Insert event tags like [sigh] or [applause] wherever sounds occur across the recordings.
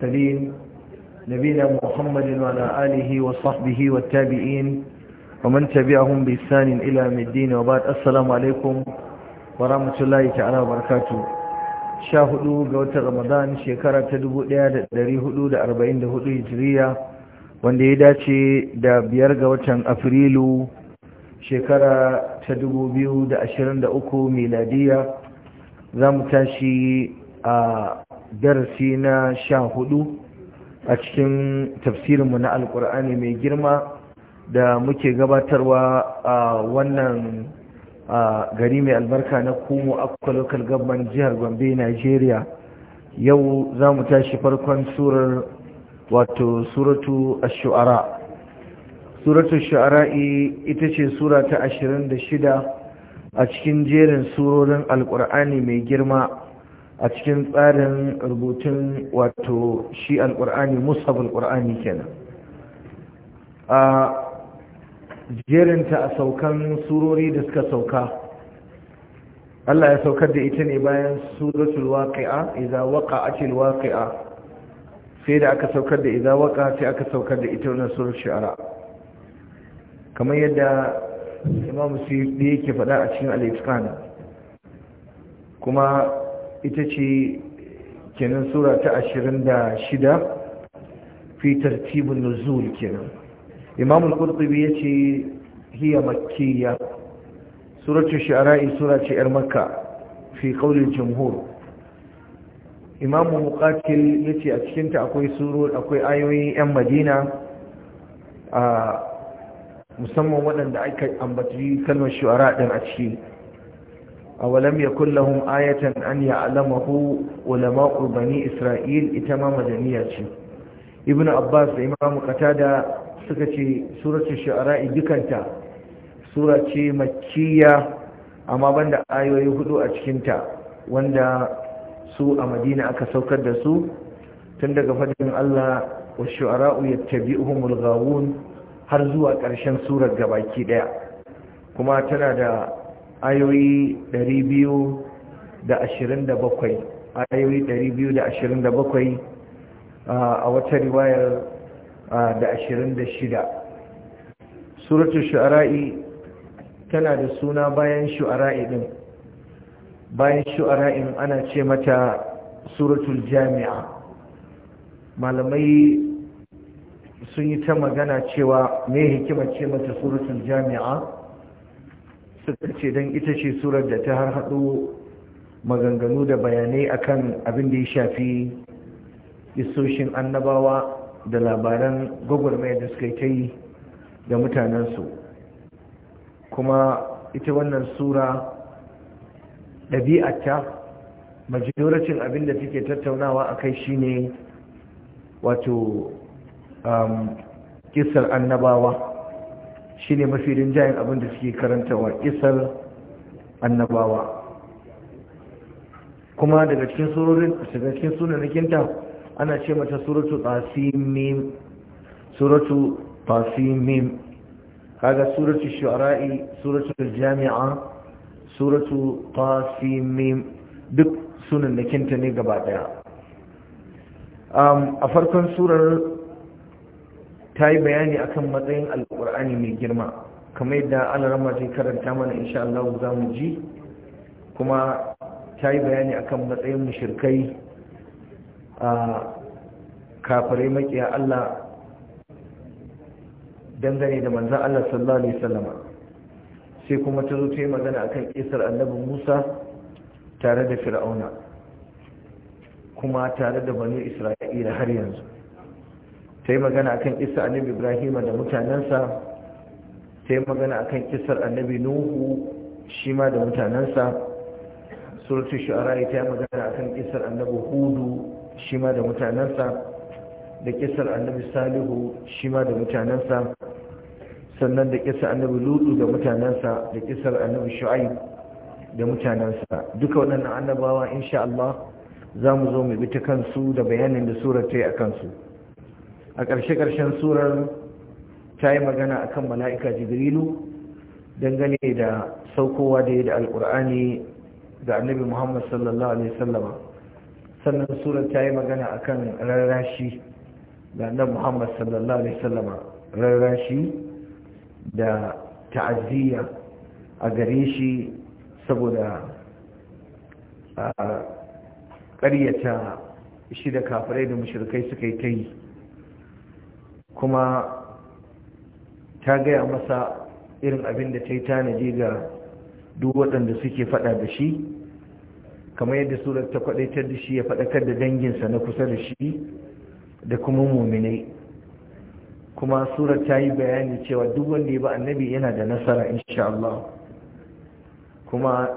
سليم نبينا محمد وعلى آله وصحبه والتابعين ومن تبعهم بإحسان إلى الدين وبعد السلام عليكم ورحمة الله تعالى وبركاته شاهدوا قوة رمضان شكرا تدبو لياد داري هدود أربعين دهود هجرية wanda ya dace da biyar ga watan afrilu shekara ta 2023 miladiya za mu tashi a darasi na sha hudu a cikin tafsirinmu na alkur'ani mai girma da muke gabatarwa a wannan gari mai albarka na kumo akwai local government jihar gombe nigeria yau za mu tashi farkon surar wato suratu shu'ara suratu shu'ara ita ce sura ta shida a cikin jerin surorin alkur'ani mai girma a cikin tsarin rubutun wato shi alƙur'ani musab alƙur'ani kenan a jerinta a saukan surori da suka sauka Allah ya saukar da ita ne bayan suratul waqi'a idza waqa'atil waqi'a sai da aka saukar da idza waqa sai aka saukar da ita wannan surar shi'ara kamar yadda Imam Suyuti yake faɗa a cikin al kuma ita ce kenan sura ta ashirin da shida fi tartibin nuzul kenan imamul al ya ce hiya makkiya suratul sha'ra'i sura ce yar makka fi kaunin jamhur imamu ya ce a cikinta akwai surori akwai ayoyi yan madina a musamman waɗanda aka ambaci kalmar shu'ara din a ciki awalam yakun lahum ayatan an alamahu ulama'u bani isra'il ita ma majaniya ce ibn abbas da imam qatada suka ce suratul shu'ara dukanta sura ce makkiya amma banda ayoyi hudu a cikinta wanda su a madina aka saukar da su tun daga fadin Allah wa shu'ara'u yattabi'uhumul ghawun har zuwa ƙarshen surar gabaki ɗaya. kuma tana da ayoyi 227 ayoyi 227 a wata riwayar da 26 suratul shu'ara'i tana da suna bayan shu'ara'i din bayan shu'ara'in ana ce mata suratul jami'a malamai sun yi ta magana cewa me hikimar ce mata suratul jami'a suka ce don ita ce surar da ta har haɗu maganganu da bayanai akan abin da ya shafi isoshin annabawa da labaran gwagwarmaya da suka ta yi da mutanensu kuma ita wannan sura ɗabi'ata majoracin abin da take tattaunawa a kai shine wato um, kisar annabawa shine mafi rinjayen abin da suke karantawa isar annabawa kuma daga cikin surorin daga cikin sunanakinta ana ce mata suratu tasimim suratu tasimim kaga suratu shu'ara'i suratu jami'a suratu tasimim duk sunanakinta ne gaba daya um, a farkon surar ta yi bayani akan matsayin al'umma alkur'ani mai girma kamar yadda rama zai karanta mana insha Allah za mu ji kuma ta yi bayani akan matsayin mushirkai a kafirai makiya Allah dangane da manzan Allah sallallahu alaihi wasallama sai kuma ta zo ta yi magana akan kisar annabi Musa tare da Fir'auna kuma tare da bani Isra'ila har yanzu ta yi magana akan isa annabi Ibrahim da mutanensa ta yi magana a kan kisar annabi nuhu shi ma da mutanensa surutu shu'ara ta yi magana a kan kisar annabi hudu shi ma da mutanensa da kisar annabi salihu shi ma da mutanensa sannan da kisar annabi ludu da mutanensa da kisar annabi shu'aib da mutanensa duka waɗannan annabawa insha Allah za mu zo mu bi ta kansu da bayanin da surar ta yi a kansu a ƙarshe-ƙarshen surar ta yi magana a kan mala'ika jibrilu dangane da saukowa da ya da alkur'ani ga annabi muhammad sallallahu alaihi sallama sannan surar ta yi magana a akan rarrashi ga annabi muhammad sallallahu alaihi sallama rarrashi da ta'aziyya a gare shi saboda ƙaryata shi da kafirai da mushrikai suka yi ta yi kuma ta gaya masa irin abin da ta yi tanaji ga duk waɗanda suke faɗa da shi kamar yadda surar ta kwaɗaitar da shi ya faɗakar da danginsa na kusa da shi da kuma muminai kuma surar ta yi bayani cewa duk wanda ya ba annabi yana da nasara insha Allah kuma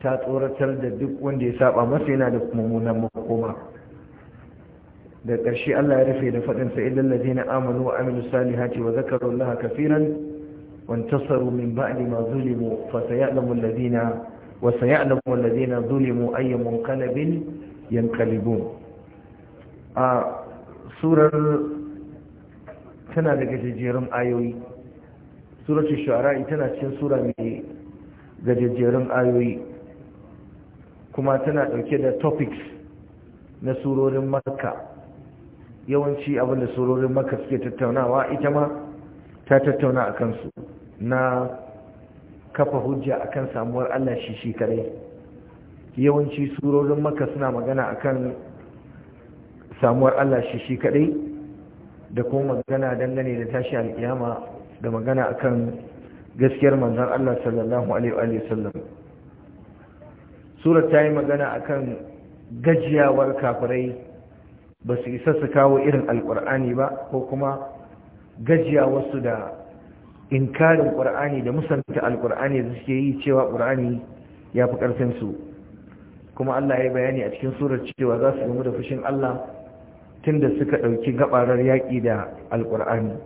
ta tsoratar da duk wanda ya saba masa yana da mummunan makoma da ƙarshe Allah ya rufe da faɗin sa illal ladina amanu wa amilus salihati wa zakaru Allah kaseeran wa intasaru min ba'di ma zulimu fa sayalamu alladina wa sayalamu alladina zulimu ay munqalabin a surar tana daga jejjerun ayoyi surar shu'ara tana cin sura mai gajejjerun ayoyi kuma tana ɗauke da topics na surorin makka yawanci abin da surorin maka suke tattaunawa ita ma ta tattauna a kansu na kafa hujja a kan samuwar Allah shi shi kadai yawanci surorin maka suna magana a kan samuwar Allah shi shi kadai da kuma magana dangane da tashi alkiyama da magana a kan gaskiyar manzon Allah sallallahu alaihi wasallam surat ta yi magana a kan gajiyawar kafirai ba su isa su kawo irin alkur'ani ba ko kuma gajiya wasu da inkarin ƙur'ani da musanta alkur'ani da suke yi cewa ƙur'ani ya fi ƙarfinsu kuma allah ya bayani a cikin surar cewa za su gamu da fushin allah tun da suka ɗauki gabarar yaƙi da alkur'ani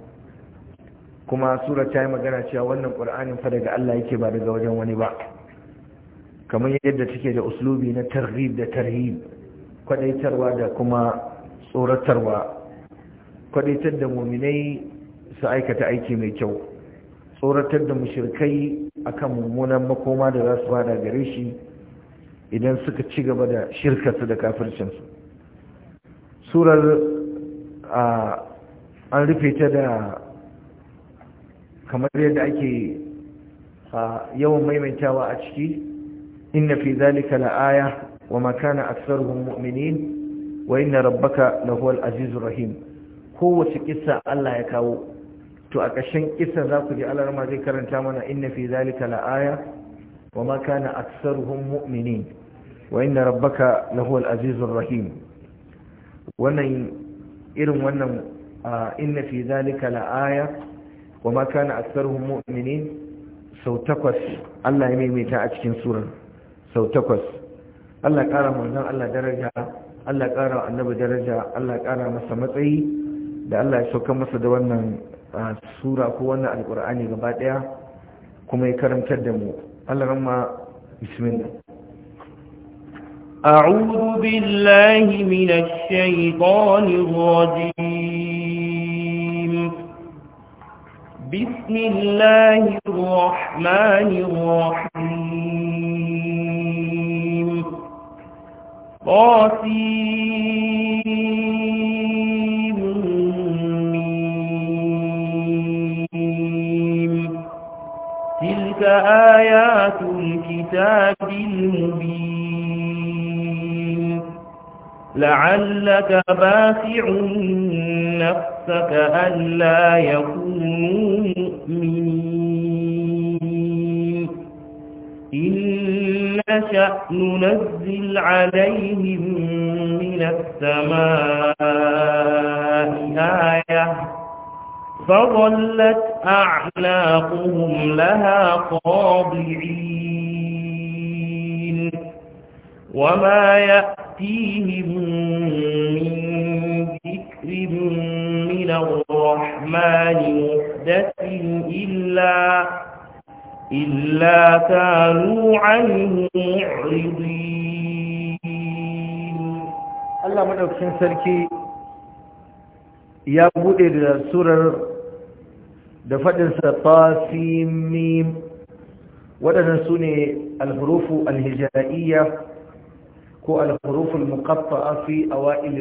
kuma surar ta yi magana cewa wannan ƙur'anin fa daga allah yake ba daga wajen wani ba kamar yadda take da uslubi na tarhib da tarhib kwadaitarwa da kuma tsoratarwa kwadatar da muminai su aikata aiki mai kyau tsoratar da mushirkai akan mummunan makoma da za su bada gare shi idan suka ci gaba da shirkarsu da kafircinsu surar an rufe ta da kamar yadda ake yawan maimaitawa a ciki inna fi zalika la'aya wa makana aksar mu'minin wa inna rabbaka lahuwal azizur rahim kowace kissa Allah ya kawo to a ƙarshen kissa za ku ji Allah ma zai karanta mana inna fi zalika la'aya wa ma kana aktsaruhum mu'minin wa inna rabbaka lahuwal azizur rahim wannan irin wannan inna fi zalika la'aya wa ma kana aktsaruhum mu'minin sau takwas Allah ya maimaita a cikin surar sau takwas Allah ya ƙara manzon Allah daraja Allah ya ƙara annabi daraja Allah ya ƙara masa matsayi da Allah ya sauka masa da wannan sura ko wannan alƙur'ani gaba ɗaya kuma ya karantar da mu Allah ramma bismillah أعوذ بالله من الشيطان الرجيم بسم الله الرحمن قاسمين تلك آيات الكتاب المبين لعلك باخع نفسك ألا يكونوا مؤمنين نشأ ننزل عليهم من السماء آية فظلت أعناقهم لها قابعين وما يأتيهم من ذكر من الرحمن محدث إلا إلا كانوا عنه معرضين الله مدوكين سركي يا بودي da surar da faɗin sa tasim sune al-hurufu ko al-hurufu al-muqatta'a fi awail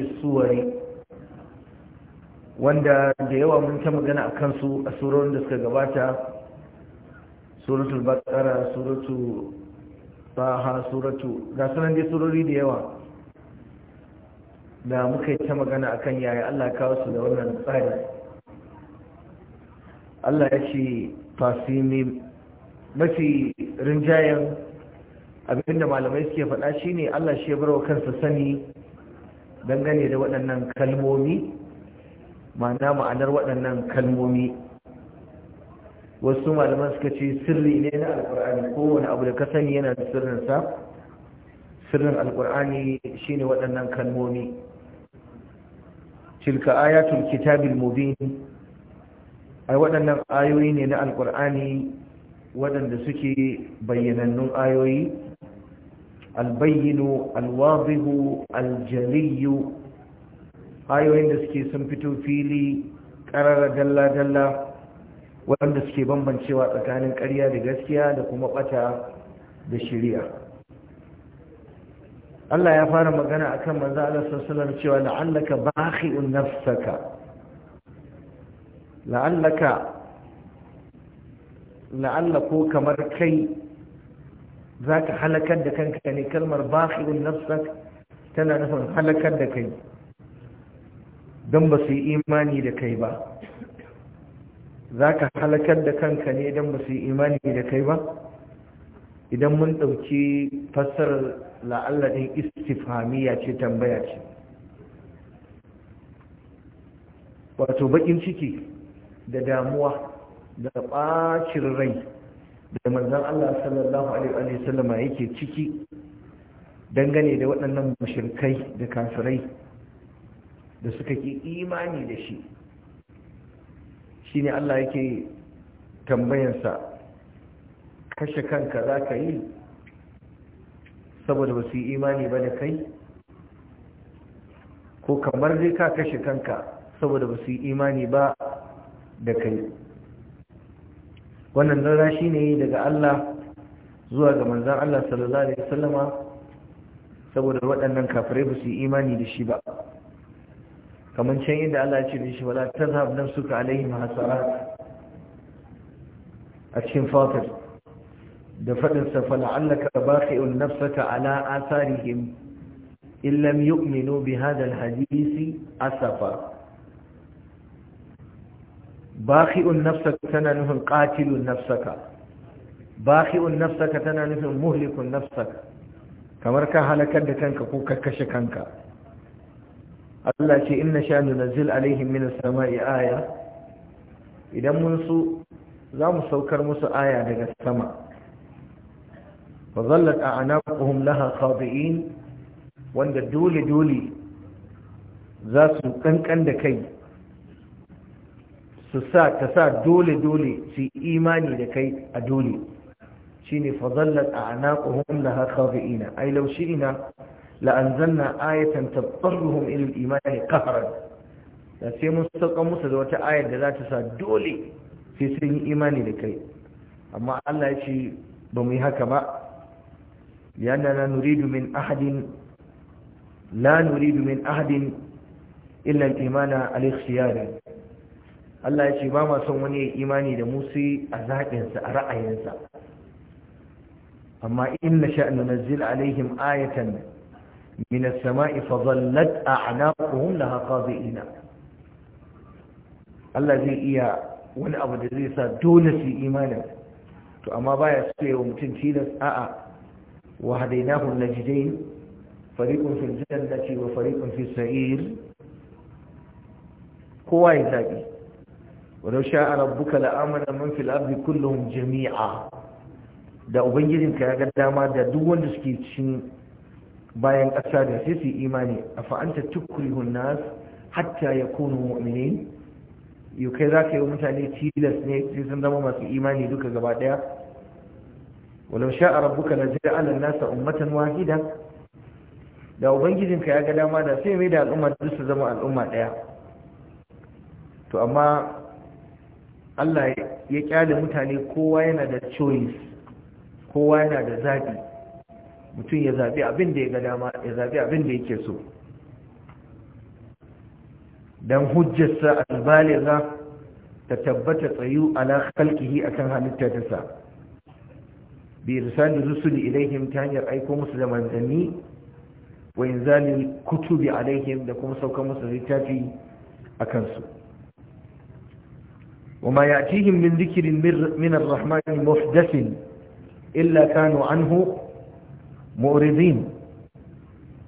wanda da yawa mun ta magana a kansu a surorin da suka gabata Suratu bakara suratu baha suratu ga sunan dai surori da yawa da muka yi ta magana akan yaya Allah kawo su da wannan tsari Allah ya ce fasimi mafi rinjayen abinda malamai suke faɗa shine Allah shi ya wa kansa sani dangane da waɗannan kalmomi ma'ana ma'anar waɗannan kalmomi wasu malaman suka ce sirri ne na alkur'ani kowane abu da ka sani yana da sirrinsa sirrin alkur'ani shine waɗannan kalmomi tilka ayatul kitabil mubin ai waɗannan ayoyi ne na alkur'ani waɗanda suke bayyanannun ayoyi albayyinu alwazihu aljaliyu ayoyin da suke sun fito fili ƙarar dalla-dalla wanda suke bambancewa tsakanin ƙarya da gaskiya da kuma ɓata da shirya. Allah ya fara magana akan kan Allah sallallahu cewa la'allaka bakhi'un nafsaka la'allaka la'alla ko kamar kai za ka halakar da kanka ne kalmar bakhi'un nafsak tana nufin halakar da kai don ba su yi imani da kai ba za ka halakar da kanka ne idan ba su yi imani da kai ba idan mun ɗauki fassarar la'alladin istifamiya ce tambaya ce wato baƙin ciki da damuwa da ɓacin rai da manzan Allah sallallahu Alaihi wasallama yake ciki dangane da waɗannan mashirkai da kafirai da suka ki imani da shi shine Allah yake tambayansa kashe kanka za ka yi saboda ba su yi imani ba da kai ko kamar zai ka kashe kanka saboda ba su yi imani ba da kai wannan rara shi ne daga Allah zuwa ga manzan Allah sallallahu Alaihi wasallama saboda waɗannan kafirai ba su yi imani da shi ba kamar can Allah ya ce da shi wala tazhab nafsuka alaihim hasarat a cikin fatir da fadin sa fala'allaka baqi'un nafsaka ala asarihim in yu'minu bi hadha alhadisi asafa baqi'un nafsaka tana nufin qatilun nafsaka baqi'un nafsaka tana nufin muhlikun nafsaka kamar ka halakar da kanka ko ka kashe kanka Allah ce inna sha nunzil alaihim minas sama'i aya idan mun so za saukar musu aya daga sama fa zallat a'naquhum laha khadi'in wanda dole dole za su kankan da kai su sa ta sa dole dole su imani da kai a dole shine fa zallat a'naquhum laha khadi'ina ai law shi'na La'anzan na ayatan tabbaruhum ila al-iman qahran da sai mun saka musu da wata ayar da za ta sa dole sai sun yi imani da kai amma Allah ya ce ba mu yi haka ba yana na nuridu min ahadin la nuridu min ahadin illa Allah ya ce ba ma son wani yayi imani da musu a zakin sa a ra'ayin sa amma inna sha'na nazzil alaihim ayatan من السماء فظلت أعناقهم لها قاضئين Allah zai iya wani abu da zai sa dole su imanin to amma baya sai wa mutum tilas a'a wa hadainahu najdain fariqun fil jannati wa fariqun fis sa'ir kowa ya zabi walau sha'a rabbuka la'amana man fil ardi jami'a da ubangijinka ya ga dama da duk wanda suke cikin bayan ƙasa da sai su imani a fa'anta tukurihun nas hatta ya kunu mu’amini yau kai za ka yi mutane tilas ne sai sun zama masu imani duka gaba ɗaya walau sha a na jira alan nasa ummatan wahida da ubangijinka ya ga dama da sai mai da al'umma duk su zama al'umma ɗaya to amma Allah ya kyale mutane kowa yana da choice kowa yana da zaɓi mutum ya zaɓi abin da ya ga dama ya zaɓi abin da yake so don hujjarsa za ta tabbata tsayu ala khalqihi akan halittarsa bi irsali rusuli ilaihim ta hanyar aiko musu da manzanni wa inzali kutubi alaihim da kuma saukar musu littafi a kansu وما يأتيهم من ذكر من الرحمن محدث illa Kano عنه muridin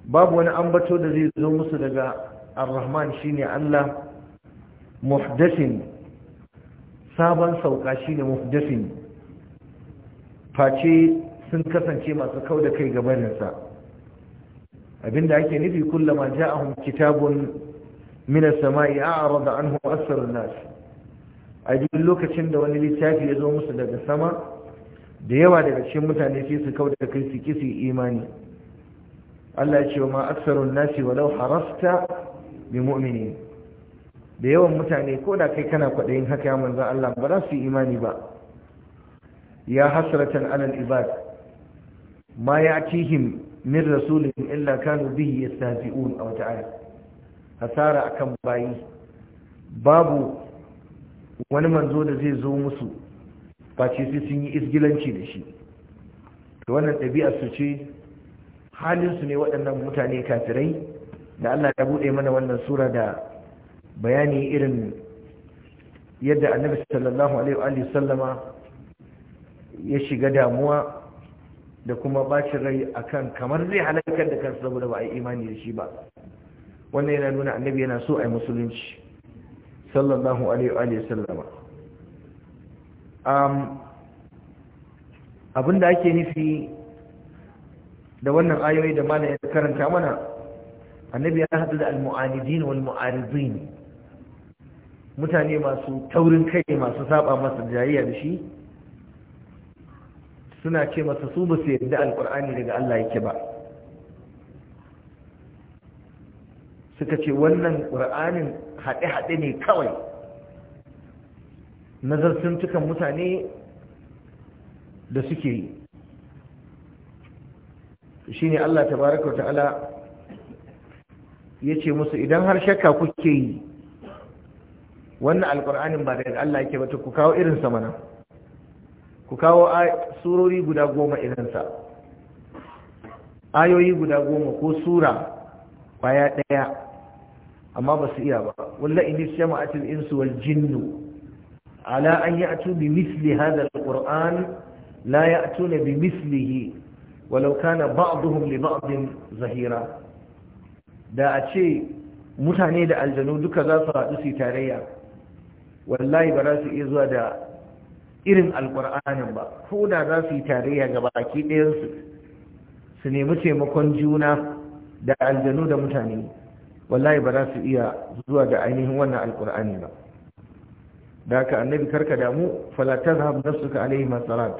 babu wani ambato da zai zo musu daga ar-rahman shine Allah muhdathin sabon sauka shine muhdathin face sun kasance masu kau da kai gabaninsa abinda ake nufi kullama ja'ahum kitabun min as-sama'i a'rada anhu asr nas a duk lokacin da wani littafi ya zo musu daga sama da yawa daga cikin mutane sai su kauta kai su kisi imani Allah ya ce wa ma aksarun nasi walau harasta bi mu'minin da yawan mutane ko da kai kana kwaɗayin haka ya manzan Allah ba za su imani ba ya hasratan alal ibad ma ya atihim min rasulin illa kanu bihi yastahzi'un aw ta'ala hasara akan bayi babu wani manzo da zai zo musu face sai sun yi izgilanci da shi Da wannan ɗabi'a su ce halinsu ne waɗannan mutane kafirai da Allah ya buɗe mana wannan sura da bayani irin yadda annabi sallallahu alaihi wa sallama ya shiga damuwa da kuma bacin rai akan kamar zai halakar da kansa saboda ba a yi imani da shi ba wannan yana nuna annabi yana so a yi musulunci sallallahu alaihi wa sallama Um, abin da ake nufi da wannan ayoyi da mana ya karanta mana annabi ya haɗu da almu'anidin wal mu'aridin mutane masu taurin kai masu saba masa jayayya da shi suna ce masa su ba su yadda alkur'ani daga Allah yake ba suka ce wannan ƙur'anin haɗe-haɗe ne kawai nazarcin cikin mutane da suke yi shi ne Allah tabaraka wa ta'ala ya ce musu idan har shakka kuke yi wannan alkur'anin ba daga Allah yake bata ku kawo irinsa mana ku kawo surori guda goma irinsa ayoyi guda goma ko sura kwaya ɗaya amma ba su iya ba wallah ini sama'atul insu wal jinnu ala an ya'tu bi misli hadha alquran la ya'tuna bi mislihi walau kana ba'dhum li zahira da a ce mutane da aljanu duka za su haɗu su tarayya wallahi ba za su iya zuwa da irin alƙur'anin ba ko da za su yi tarayya ga baki ɗayansu su nemi taimakon juna da aljanu da mutane wallahi ba za su iya zuwa da ainihin wannan alƙur'ani ba da ka annabi karka damu fala tazhab nafsuka alayhi masarat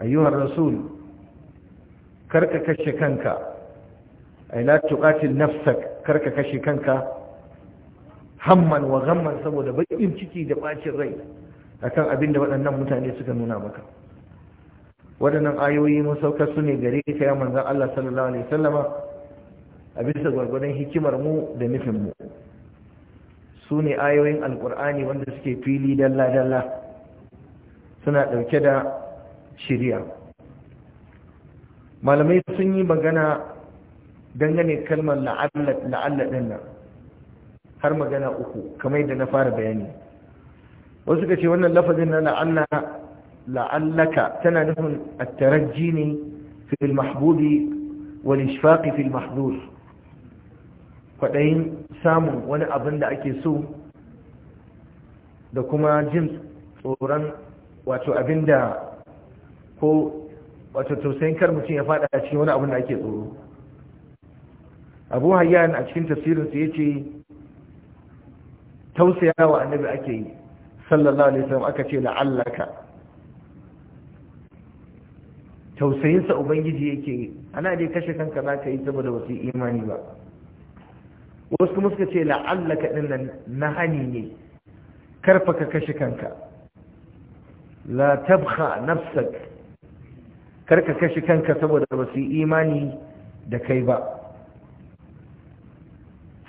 Ayyuhar rasul karka kashe kanka ay la nafsak karka kashe kanka hamman wa ghamman saboda bakin ciki da bacin rai akan abin da waɗannan mutane suka nuna maka waɗannan ayoyi masaukar su ne gare ka ya zan Allah sallallahu alaihi wasallama a bisa gwargwadon hikimar mu da nufin mu su ne ayoyin alkur'ani wanda suke fili dalla-dalla suna ɗauke da shirya malamai sun yi magana dangane kalmar la'alla nan har magana uku kamar da na fara bayani wasu ka ce wannan lafazin na la'allaka tana nufin attarajji ne fi mahbubi wal ishfaqi fi Faɗayin samun wani abin da ake so da kuma jin tsoron wato abin da ko wato tausayin kar mutum ya faɗa a cikin wani abin da ake tsoro abu hayyan a cikin tafsirinsu ya ce tausayawa annabi ake yi sallallahu alaihi wasallam aka ce la'allaka tausayinsa ubangiji yake yi ana dai kashe kanka za ka yi saboda wasu imani ba wasu kuma suka ce la'allaka ɗin nan na hani ne karfa ka kashe kanka la tabkha nafsak karka kashe kanka saboda ba su yi imani da kai ba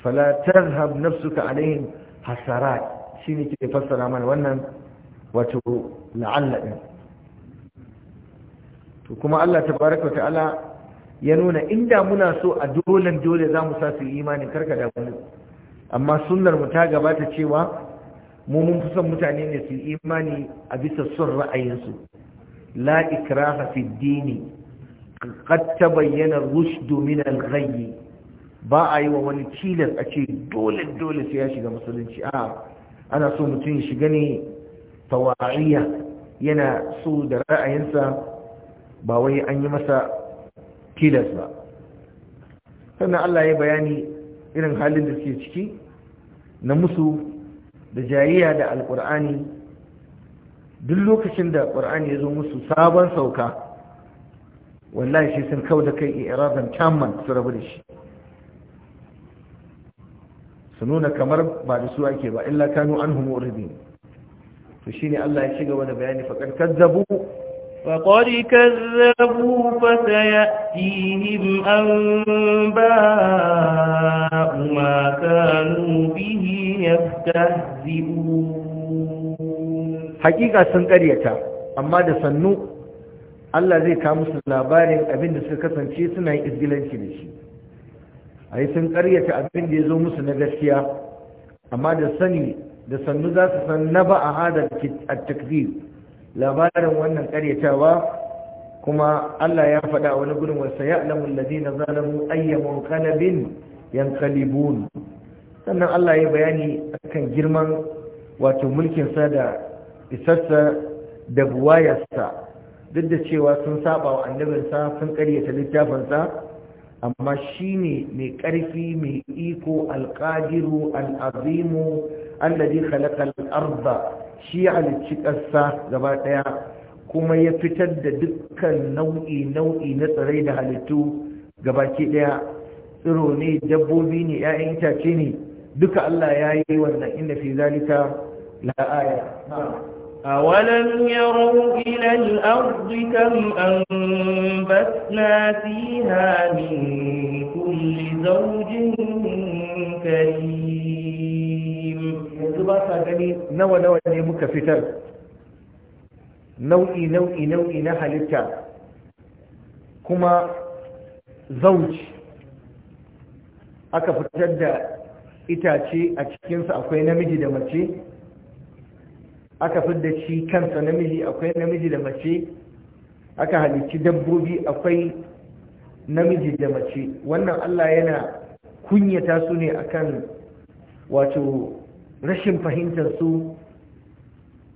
fala tazhab nafsuka alaihim hasarat shine ke fassara mana wannan wato la'alla ɗin to kuma Allah tabaaraka ta'ala ya nuna inda muna so a dolan dole za mu sa su yi imanin karka da mu amma sunnar mu ta gabata cewa mu mun fi son mutane ne su imani a bisa son ra'ayinsu la ikraha fi dini qad tabayyana ar-rushd min al-ghayy ba a yi wa wani tilas a ce dole dole sai ya shiga musulunci a ana so mutum ya shiga ne tawariya yana so da ra'ayinsa ba wai an yi masa tilas ba sannan Allah ya bayani irin halin da suke ciki na musu da jayayya da alkur'ani duk lokacin da ƙur'ani ya zo musu sabon sauka wallahi shi sun kau da kai irazan tamman su rabu da shi su nuna kamar ba da su ake ba illa kanu an humu to ne Allah ya ci gaba da bayani faƙar kazzabu فقد كذبوا فسيأتيهم أنباء ما كانوا به يستهزئون حقيقة سنقرية أما ده Allah zai kawo musu labarin abin da suka kasance suna yin izgilanci da shi a yi sun karyata abin da ya zo musu na gaskiya amma da sani da sannu za su san na ba a hada a takbir labarin wannan karyatawa kuma Allah ya faɗa wani gurin wasa ya'lamu alladhina zalamu ayyamun qalbin yanqalibun sannan Allah ya bayani akan girman wato mulkin sa da isassa da buwayarsa duk da cewa sun saba wa annabinsa sun karyata littafinsa amma shi ne mai ƙarfi mai iko alƙadiru al'azimu allazi khalaqa al-arda shi halicci ƙasa gaba ɗaya kuma ya fitar da dukkan nau'i nau'i na tsirai da halittu gabaki ɗaya tsiro ne dabbobi ne 'ya'yan itace ne duka Allah ya yi wannan inda fi zalika la'aya أولم يروا إلى الأرض كم أنبتنا فيها من كل زوج كريم yanzu ba sa gani nawa nawa ne muka fitar nau'i nau'i nau'i na halitta kuma zauj aka fitar da itace a cikinsa akwai namiji da mace aka fi da shi kansa namiji akwai namiji da mace aka halicci dabbobi akwai namiji da mace wannan Allah yana kunyata su ne akan wato rashin fahimtar su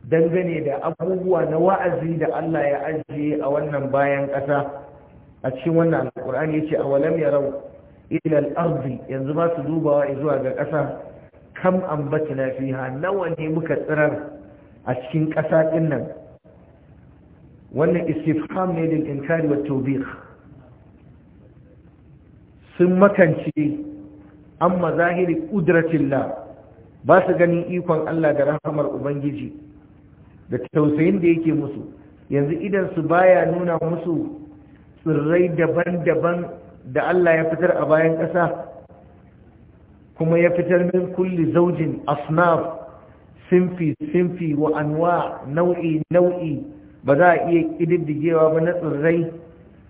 dangane da abubuwa na wa'azi da Allah ya ajiye a wannan bayan ƙasa a cikin wannan alƙur'ani yace walam yarau ila al-ardi yanzu ba su dubawa zuwa ga ƙasa kam ambatna fiha nawa ne muka tsirar a cikin ƙasa ɗin nan wannan istifham ne lil inkari wa tawbiq sun makance amma zahiri qudratillah ba su ganin ikon Allah da rahamar ubangiji da tausayin da yake musu yanzu idan su baya nuna musu tsirrai daban-daban da Allah ya fitar a bayan ƙasa kuma ya fitar min kulli zaujin asnaf sinfi sinfi wa anwa nau'i nau'i ba za a iya ƙididdigewa ba na tsirrai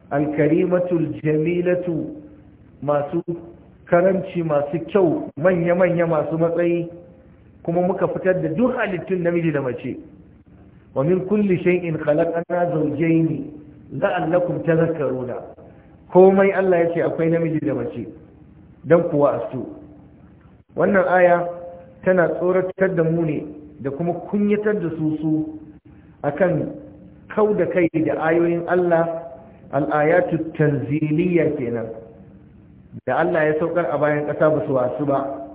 alkarimatul jamilatu masu karamci masu kyau manya-manya masu matsayi kuma muka fitar da duk halittun namiji da mace wa min kulli shay'in khalaqna zawjayn la'allakum tadhakkaruna komai Allah yace akwai namiji da mace dan kuwa asu wannan aya tana tsoratar da mu ne da kuma kunyatar da su su akan kau da kai da ayoyin Allah al'ayatu tanziliya kenan da Allah ya saukar a bayan ƙasa ba su wasu ba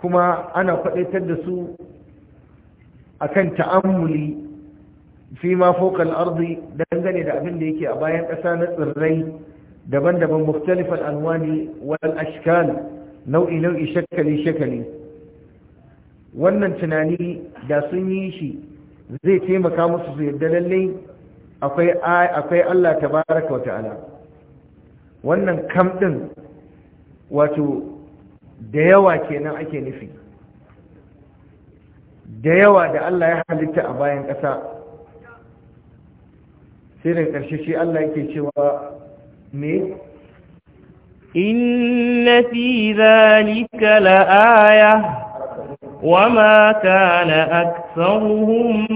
kuma ana faɗaitar da su akan ta'ammuli fi ma fokal arzi dangane da abin da yake a bayan ƙasa na tsirrai daban-daban muftalifan alwani wal ashkal nau'i nau'i shakali shakali wannan tunani da sun yi shi zai taimaka musu su yadda lalle akwai akwai Allah tabaraka wa ta'ala wannan kam din wato da yawa kenan ake nufi da yawa da Allah ya halitta a bayan ƙasa sai da ƙarshe shi Allah yake cewa me إن في ذلك لآية وما كان أكثرهم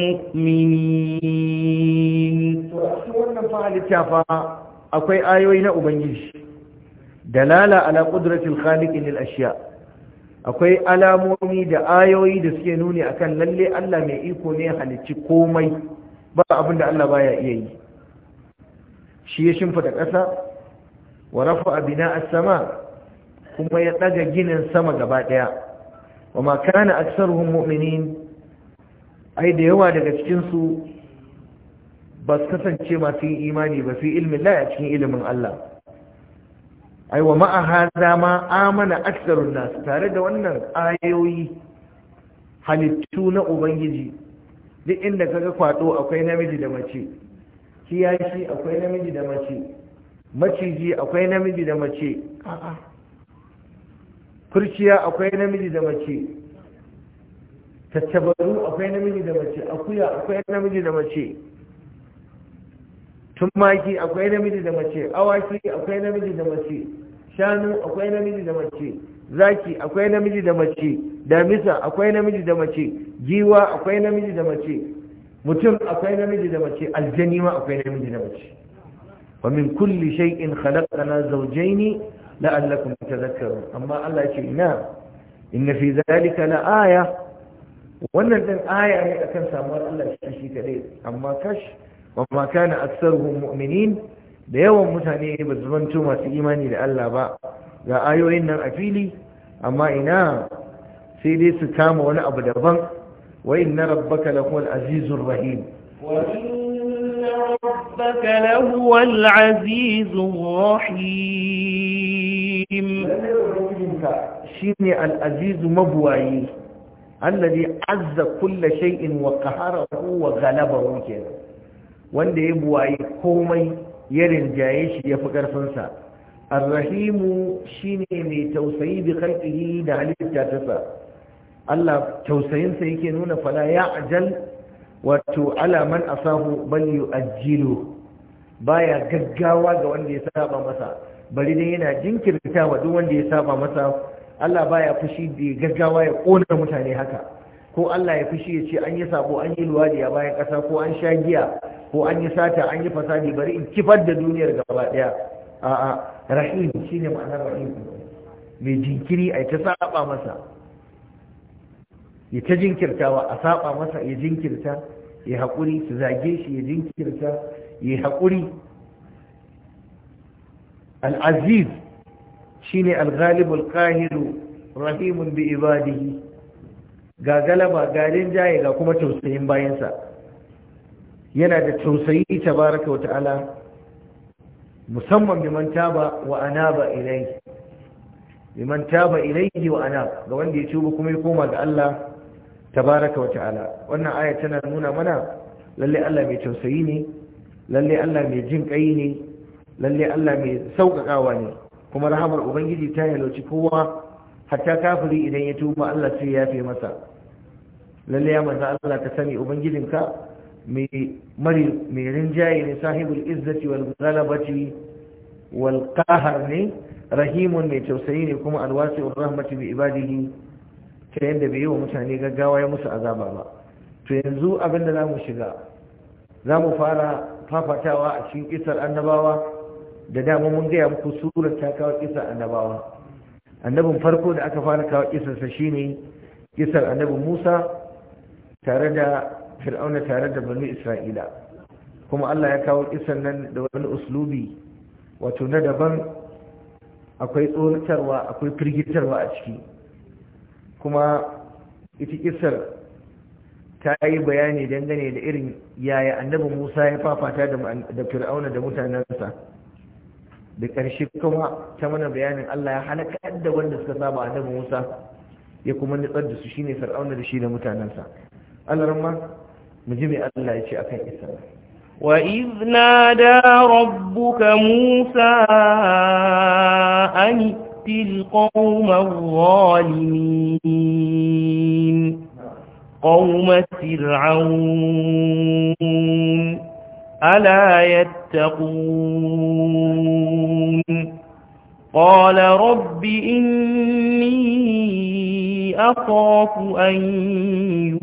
مؤمنين akwai ayoyi na ubangiji dalala ala qudratil khaliq lil ashya akwai alamomi da ayoyi da suke nuni akan lalle Allah mai iko ne halicci komai ba abinda Allah baya iya yi shi ya shimfida ƙasa wa bina a sama kuma ya ɗaga ginin sama gaba ɗaya wama kana aktharuhum mu'minin ai da yawa daga cikin su kasance masu yin imani ba fi ilmin la'a cikin ilimin Allah ai wama hadha ma amana aktharun nas tare da wannan ayoyi halittu na ubangiji duk inda kaga kwado akwai namiji da mace kiyashi akwai namiji da mace maciji akwai namiji da mace a'a kurciya akwai namiji da mace tattabaru akwai namiji da mace akuya akwai namiji da mace tumaki akwai namiji da mace awaki akwai namiji da mace shanu akwai namiji da mace zaki akwai namiji da mace damisa akwai namiji da mace giwa akwai namiji da mace mutum akwai namiji da mace aljanima akwai namiji da mace wa min kulli shay'in khalaqna zawjayn la'allakum tadhakkarun amma Allah yake ina inna fi zalika la aya wannan din aya ne akan samuwar Allah shi shi kadai amma kash wa ma kana aktsaruhum da yawan mutane ba su zanto masu imani da Allah ba ga ayoyin nan a fili amma ina sai dai su kama wani abu daban wa inna rabbaka lahuwal azizur rahim wa inna rabbaka lahuwal azizur rahim الرحيم شيني العزيز مبواي الذي عز كل شيء وقهره وغلبه كده wanda ya buwaye komai ya rinjaye shi ya fi ƙarfinsa arrahimu shine mai tausayi bi khalqihi da halitta tasa Allah tausayinsa yake nuna fala ya ajal wato alaman man asahu bal yu'ajjilu baya gaggawa ga wanda ya saba masa bari dai yana jinkirta wa duk wanda ya saba masa Allah baya fushi da gaggawa ya kona mutane haka ko Allah ya fushi ya ce an yi sabo an yi luwadi a bayan ƙasa ko an sha giya ko an yi sata an yi fasadi bari in kifar da duniyar gaba daya a'a rahim shine ma'anar rahim mai jinkiri a ta saba masa ya ta jinkirtawa a saba masa ya jinkirta ya haƙuri su zage shi ya jinkirta ya haƙuri al'aziz shi ne alghalibul ƙahiru rahimun bi ibadihi ga galaba garin jaye ga kuma tausayin bayansa yana da tausayi tabaraka wa ta'ala musamman biman ba wa anaba ilai biman ba ilaihi wa anaba ga wanda ya cuba kuma ya koma ga Allah tabaraka wa ta'ala wannan aya tana nuna mana lalle Allah mai tausayi ne lalle Allah mai jin kai ne lalle Allah mai sauƙaƙawa ne kuma rahamar ubangiji ta yalauci kowa hatta kafiri idan ya tuba Allah sai ya fi masa lalle ya manzo Allah ka sani ubangijinka mai mari mai rinjaye ne sahibul izzati wal ghalabati wal qahar ne rahimun mai tausayi ne kuma alwasi'ur rahmati bi ibadihi ta yadda bai yi wa mutane gaggawa ya musu azaba ba to yanzu abin da za mu shiga za mu fara fafatawa a cikin kisar annabawa da dama mun gaya muku surar ta kawo kisa annabawa annabin farko da aka fara kawo kisarsa shine kisar annabin musa tare da fir'auna tare da Bani isra'ila kuma allah ya kawo kisar nan da wani uslubi wato na daban akwai tsoratarwa akwai firgitarwa a ciki kuma ita kisar ta yi bayani dangane da irin yaya annabi musa ya fafata da fir'auna da mutanensa da ƙarshe kuma ta mana bayanin Allah ya halakar da wanda suka saba annabi Musa ya kuma nutsar da su shine fir'auna da shi da mutanensa Allah ramma mu ji me Allah ya ce akan Isa وإذ نادى ربك Musa, an ائت القوم الظالمين قوم فرعون ألا يتقون قال رب إني أخاف أن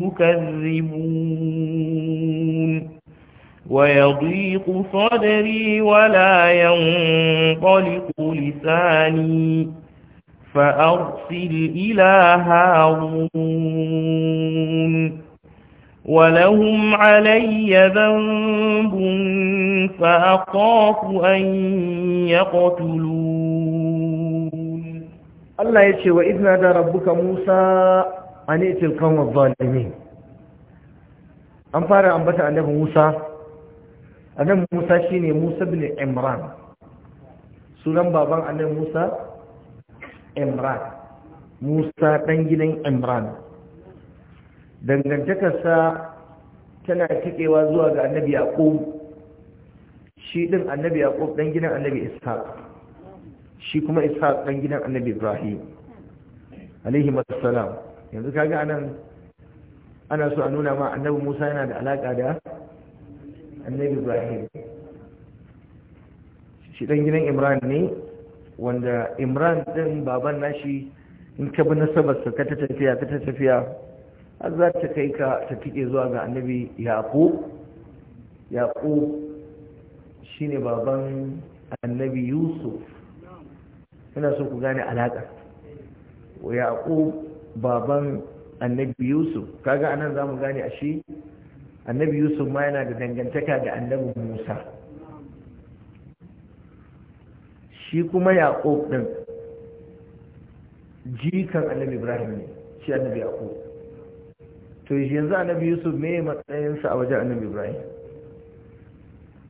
يكذبون ويضيق صدري ولا ينطلق لساني فأرسل إلى هارون ولهم علي ذنب ya أن يقتلون الله يتشي وإذ نادى ربك موسى أن ائت القوم الظالمين an fara ambata annabi Musa annabi Musa shine Musa ibn Imran sunan baban annabi Musa Imran Musa dan gidan Imran dangantakarsa tana tikewa zuwa ga annabi yaqub shi din annabi yaqub dan gidan annabi ishaq shi kuma ishaq dan gidan annabi ibrahim alaihi assalam yanzu kaga anan ana so a nuna ma annabi musa yana da alaka da annabi ibrahim shi dan gidan imran ne wanda imran din baban nashi in ka bi nasabarsa ka ta tafiya ka ta tafiya har za ta kai ka ta tike zuwa ga annabi yaƙo yaƙo shi ne baban annabi yusuf ina so ku gane alaƙa yaƙo baban annabi yusuf kaga anan za mu gane ashe annabi yusuf ma yana da dangantaka da annabi musa shi kuma yaƙo ɗin jikan annabi ibrahim ne shi annabi yaƙo to yanzu annabi yusuf me matsayinsa a wajen annabi ibrahim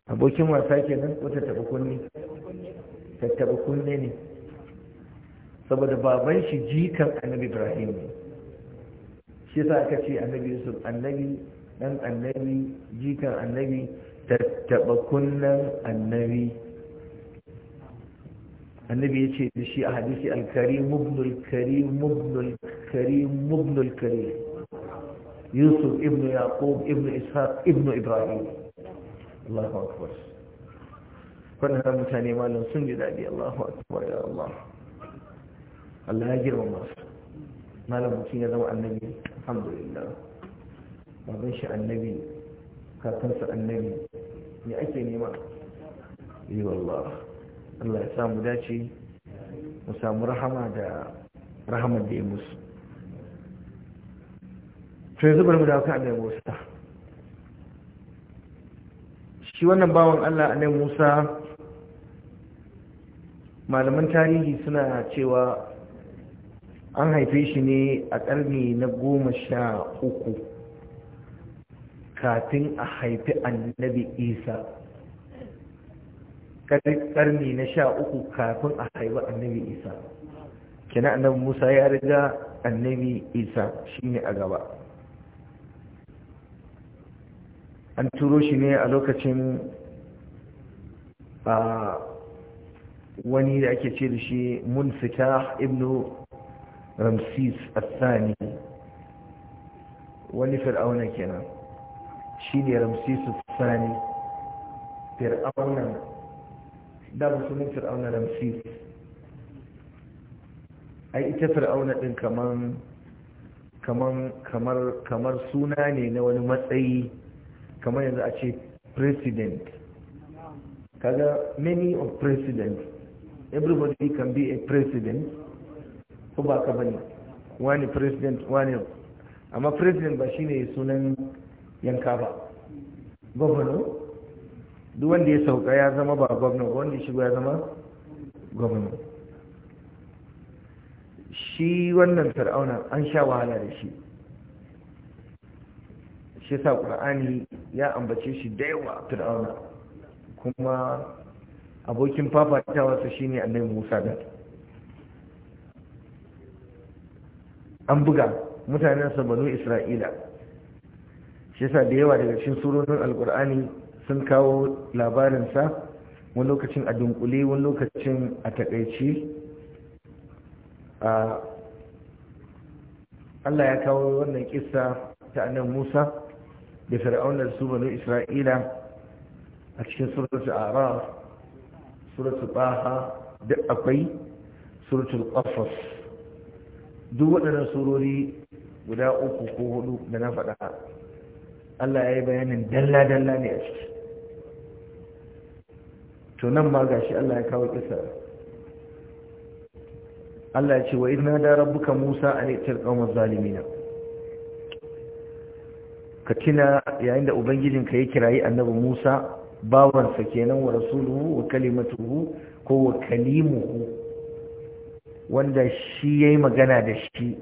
abokin wasa kenan ko taba kunne taba kunne ne saboda baban shi jikan annabi ibrahim ne shi sa aka ce annabi yusuf annabi dan annabi jikan annabi taba kunnen annabi annabi ya ce da shi a hadisi alkari mubnul kari mubnul kari mubnul kari yusuf ibn yaqub ibn ishaq ibn ibrahim Allahu mutane malam sun ji dadi Allahu ya Allah Allah ya girma su malam mutum zama annabi alhamdulillah baban shi annabi kakansa annabi ne ake nema yi eh, Allah ya samu dace mu samu rahama da rahamar to yanzu bari mu dawo kan annabi Musa shi wannan bawan Allah annabi Musa malaman tarihi suna cewa an haife shi ne a ƙarni na goma sha uku kafin a haifi annabi isa ƙarni na sha uku kafin a haifi annabi isa kina annabi musa ya riga annabi isa shine a gaba an turo shi ne a lokacin a wani da ake ce da shi munfita ibn ramsis athani wani fir'auna kenan shi ne ramsis athani fir'auna da musulun fir'auna ramsis ai ita fir'auna din kamar kamar suna ne na wani matsayi kamar yanzu a ce president kaga many of president everybody can be a president ko ba ka bane wani president wani amma president ba shine sunan yanka ba gwamna duk wanda ya sauka ya zama ba gwamna ba wanda ya shigo ya zama gwamna shi wannan fir'auna an sha wahala da shi shi sa ƙur'ani ya ambace shi da yawa fir'auna kuma abokin su shine annabi musa da an buga mutanen banu isra'ila shi sa da yawa daga cikin surorin alƙur'ani sun kawo labarinsa wani lokacin a dunkule wani lokacin a takaici ah, Allah ya kawo wannan kisa ta annan Musa da fir'auna da su banu isra'ila a cikin suratul araf suratul baha duk akwai suratul qasas duk waɗannan surori guda uku ko hudu da na faɗa Allah ya yi bayanin dalla-dalla ne a ciki to nan ma ga shi Allah ya kawo kisa Allah ya ce wa idna da rabbuka Musa an itil qawmaz zalimin ka tuna yayin da ubangijinka ya kirayi annabi Musa bawansa kenan wa rasuluhu wa kalimatuhu ko wa kalimuhu wanda shi yayi magana da shi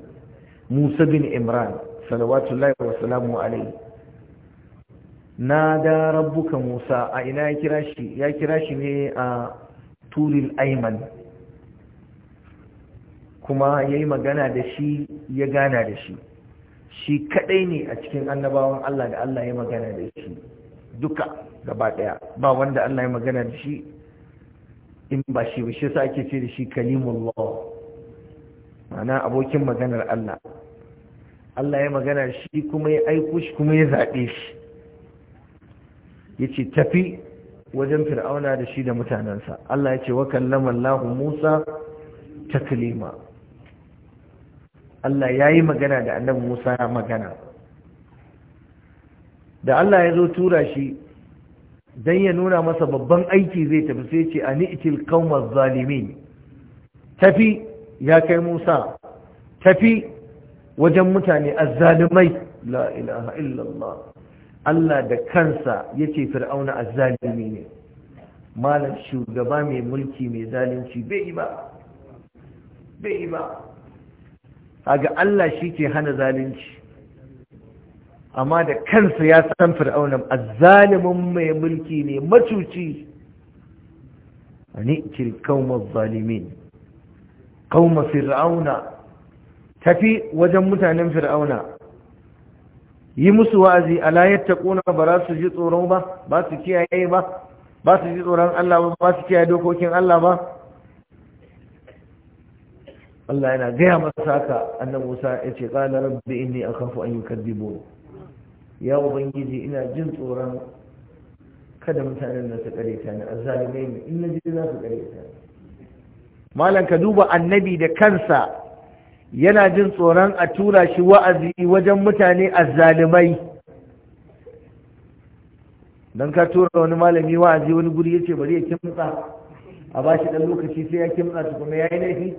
Musa bin Imran salawatullahi wa salamu alaihi da rabbuka Musa a ina ya kira shi ya kira shi ne a turil ayman kuma yayi magana da shi ya gana da shi shi kadai ne a cikin annabawan Allah da Allah ya magana da shi duka gaba daya ba wanda Allah ya magana da shi in ba shi ba shi yasa ake ce da shi kalimullah Mana abokin maganar Allah Allah ya magana da shi kuma ya aiko shi kuma ya zaɓe shi yace tafi wajen fir'auna da shi da mutanansa. Allah ya ce wa kallama Allah Musa taklima Allah ya yi magana da annabi Musa ya magana da Allah ya zo tura shi don ya nuna masa babban aiki zai tafi sai ce a ni'ikil kaumar zalimi tafi ya kai Musa tafi wajen mutane zalimai. la ilaha illallah Allah da kansa ya ce fir'auna zalimi ne malam shugaba mai mulki mai zalunci bai yi ba bai yi ba kaga Allah shi ke hana zalunci amma da kansa ya san fir'auna, azzalimin mai mulki ne macuci ani'til kauma zalimin kauma fir'auna tafi wajen mutanen fir'auna yi musu wa'azi ala yattaquna ba za su ji tsoron ba ba su kiyaye ba ba su ji tsoron Allah ba ba su kiyaye dokokin Allah ba Allah yana gaya masa haka annan Musa ya ce qala rabbi inni akhafu an yukadibun ya ubangiji ina jin tsoron kada mutanen nan su kare ta a azzalimai ne in naji za su kare ta malam ka duba annabi da kansa yana jin tsoron a tura shi wa'azi wajen mutane azzalimai don ka tura wani malami wa'azi wani guri ya ce bari ya kimtsa a ba shi ɗan lokaci sai ya kimtsa kuma ya yi laifi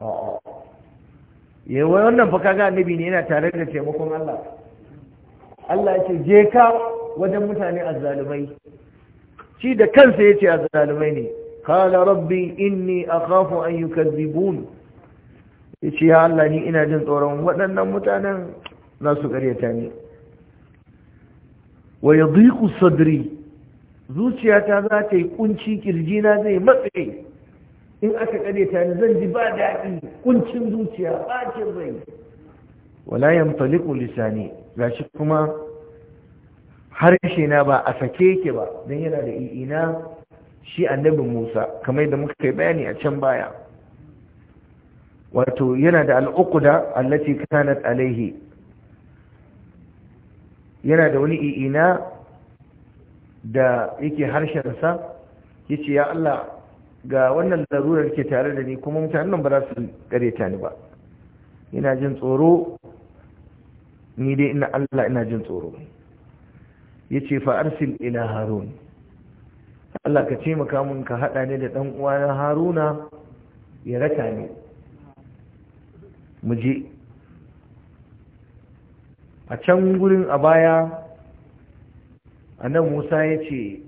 Yawai, eh, wannan fuka ga annabi ne yana tare da taimakon Allah Allah ya ce je ka wajen mutane azzalumai shi da kansa ya ce azzalumai ne kala rabbi inni kafu an yukazzibun yace ya Allah ni ina jin tsoron waɗannan mutanen za su ƙaryata ni wa ya sadri zuciyata za ta yi kunci na zai matsayi. in aka ta ni zan ji ba daɗi kuncin zuciya bacin rai wala yantaliqu lisani gashi kuma harshe na ba a sake yake ba dan yana da i'ina shi annabi Musa kamar da muka kai bayani a can baya wato yana da al'uqda allati kanat alaihi yana da wani i'ina da yake harshensa yace ya Allah ga wannan larurar ke tare da ni kuma mutanen ba za su kareta ni ba ina jin tsoro ni dai ina Allah ina jin tsoro yace fa arsil ila harun Allah ka ce maka mun ka hada ni da dan uwana haruna ya raka ni mu je a can gurin a baya nan Musa yace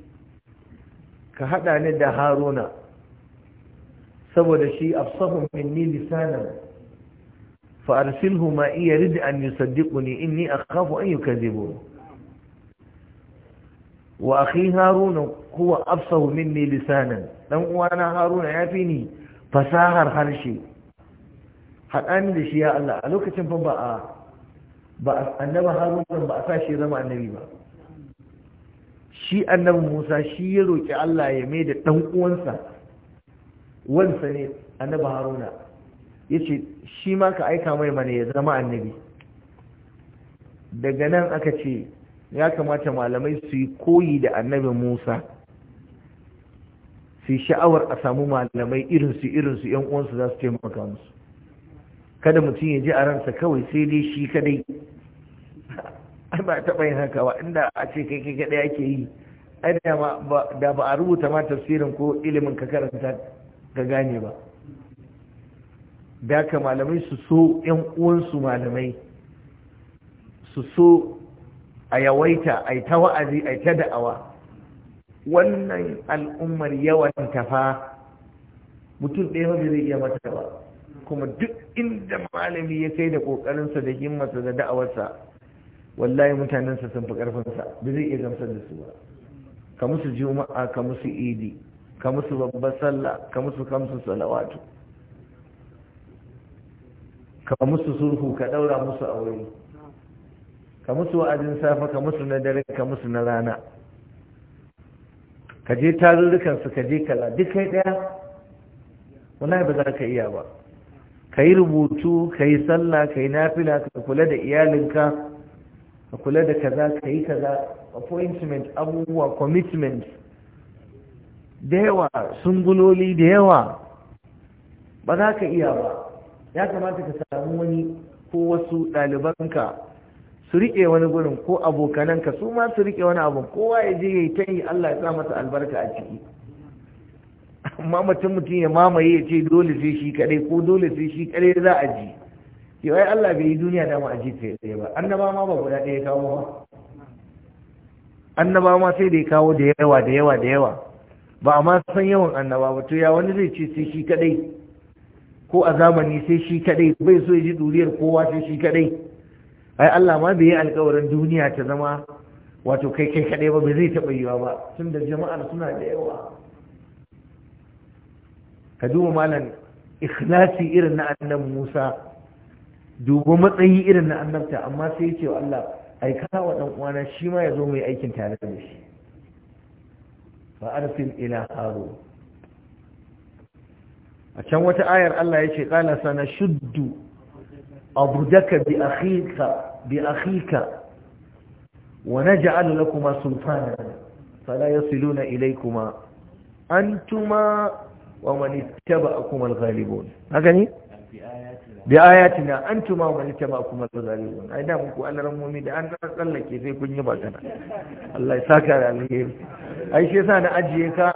ka haɗa ni da haruna saboda shi afsahu minni lisanan fa arsilhu ma iya rid an yusaddiquni inni akhafu an yukadhibu wa akhi haruna huwa afsahu minni lisanan dan uwana haruna fi ni fasahar harshe hadan da shi ya Allah a lokacin fa ba a ba annabi haruna ba a sashi zama annabi ba shi annabi Musa shi ya roki Allah ya mai da dan uwansa wansa ne annabi haruna ya ce shi ma ka aika mai mana ya zama annabi daga nan aka ce ya kamata malamai su yi koyi da annabi musa su yi sha'awar a samu malamai irinsu irinsu yan uwansu za su taimaka musu kada mutum ya ji a ransa kawai sai dai shi kadai [laughs] ai ba taɓa yin haka ba inda a ce kai kai kadai ake yi ai da ba a rubuta ma tafsirin ko ilimin ka karanta ga gane ba daga malamai su so 'yan uwansu malamai su so a yawaita a ta wa'azi a ta da'awa wannan al'ummar yawan tafa mutum ɗaya ba zai iya mata ba kuma duk inda malami ya kai da ƙoƙarinsa da himmarsa da da'awarsa wallahi mutanensa sun fi ƙarfinsa ba zai iya gamsar da su ba ka musu juma'a ka musu idi ka musu babbar sallah ka musu kamsu salawatu ka musu sulhu ka daura musu aure ka musu wa'azin safa ka musu na dare ka musu na rana ka je tarurrukan su ka je kala duk kai daya wallahi ba za ka iya ba ka yi rubutu ka yi sallah ka yi nafila ka kula da iyalinka ka kula da kaza ka yi kaza appointment abubuwa commitment da yawa buloli da yawa ba za ka iya ba ya kamata ka samu wani ko wasu ɗalibanka su riƙe wani gurin ko abokananka su ma su riƙe wani abun kowa ya je ya yi ta yi Allah ya sa masa albarka a ciki amma mutum mutum ya mamaye ya ce dole sai shi kaɗai ko dole sai shi kaɗai za a ji yau ai Allah bai yi duniya da mu a ji ɗaya ba annaba ma ba guda ɗaya kawo ba annaba ma sai da ya kawo da yawa da yawa da yawa ba a ma san yawan annaba ba to ya wani zai ce sai shi kadai ko a zamani sai shi kadai bai so ya ji duriyar kowa sai shi kadai ai Allah ma bai yi alkawarin duniya ta zama wato kai kai kadai ba bai zai taɓa yiwa ba tun da jama'ar suna da yawa ka duba malam ikhlasi irin na annabi Musa duba matsayi irin na annabta amma sai ya ce wa Allah ka wa dan uwana shi ma ya zo mai aikin tare da shi فأرسل إلى هارون أتشان وتآير الله يشي قال سنشد أبدك بأخيك بأخيك ونجعل لكما سلطانا فلا يصلون إليكما أنتما ومن اتبعكم الغالبون هكذا في آيات bi ayatina antuma wa malika kuma zalimun ai da muku ran momi da an tsallake sai kun yi magana Allah ya saka da alheri ai shi yasa na ajiye ka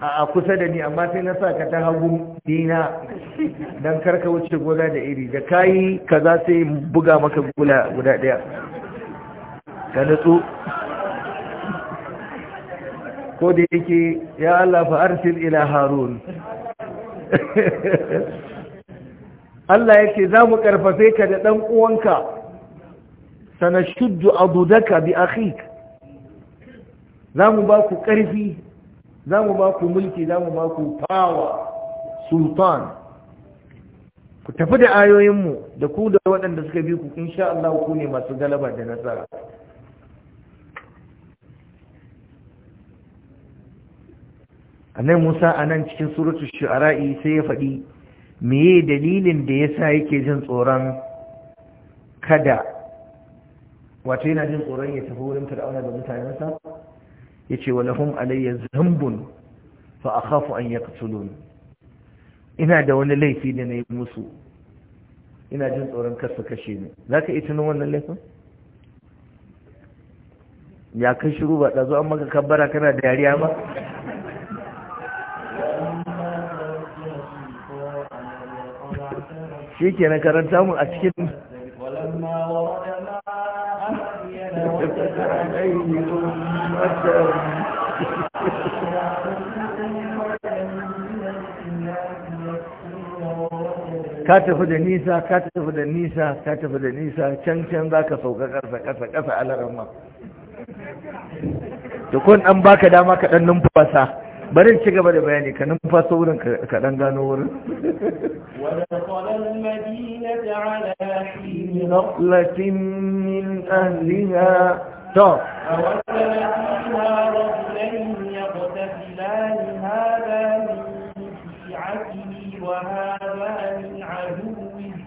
a kusa da ni amma sai na sa ka ta hagu dina dan karka wuce gona da iri da kayi kaza sai buga maka gula guda daya ka nutsu ko da yake ya Allah fa arsil ila harun [laughs] Allah yake za mu karfafe ka da ɗan uwanka sana shuddu adudaka bi akhik za mu ba ku ƙarfi za mu ba ku mulki za mu ba ku fawa sultan ku tafi da ayoyinmu da ku da waɗanda suka bi ku insha Allah ku ne masu galaba da nasara nan musa a nan cikin suratul shu'ara'i sai ya faɗi meye dalilin da ya sa yake jin tsoron kada wato yana jin tsoron ya tafi wurin fir'auna da mutanensa yace walahum alayya zambun fa akhafu an yaqtulun ina da wani laifi da na yi musu ina jin tsoron kar kashe ne. Za ka iya tunan wannan laifin ya kai ruba ba ɗazu an maka kabbara kana dariya ba shi ke na karanta mu a cikin ka tafi da nisa ka tafi da nisa ka tafi da nisa can can za ka sauka ƙasa ƙasa ƙasa a larama da kun an baka dama ka ɗan numfasa bari ci gaba da bayani ka numfasa wurin ka dan gano wurin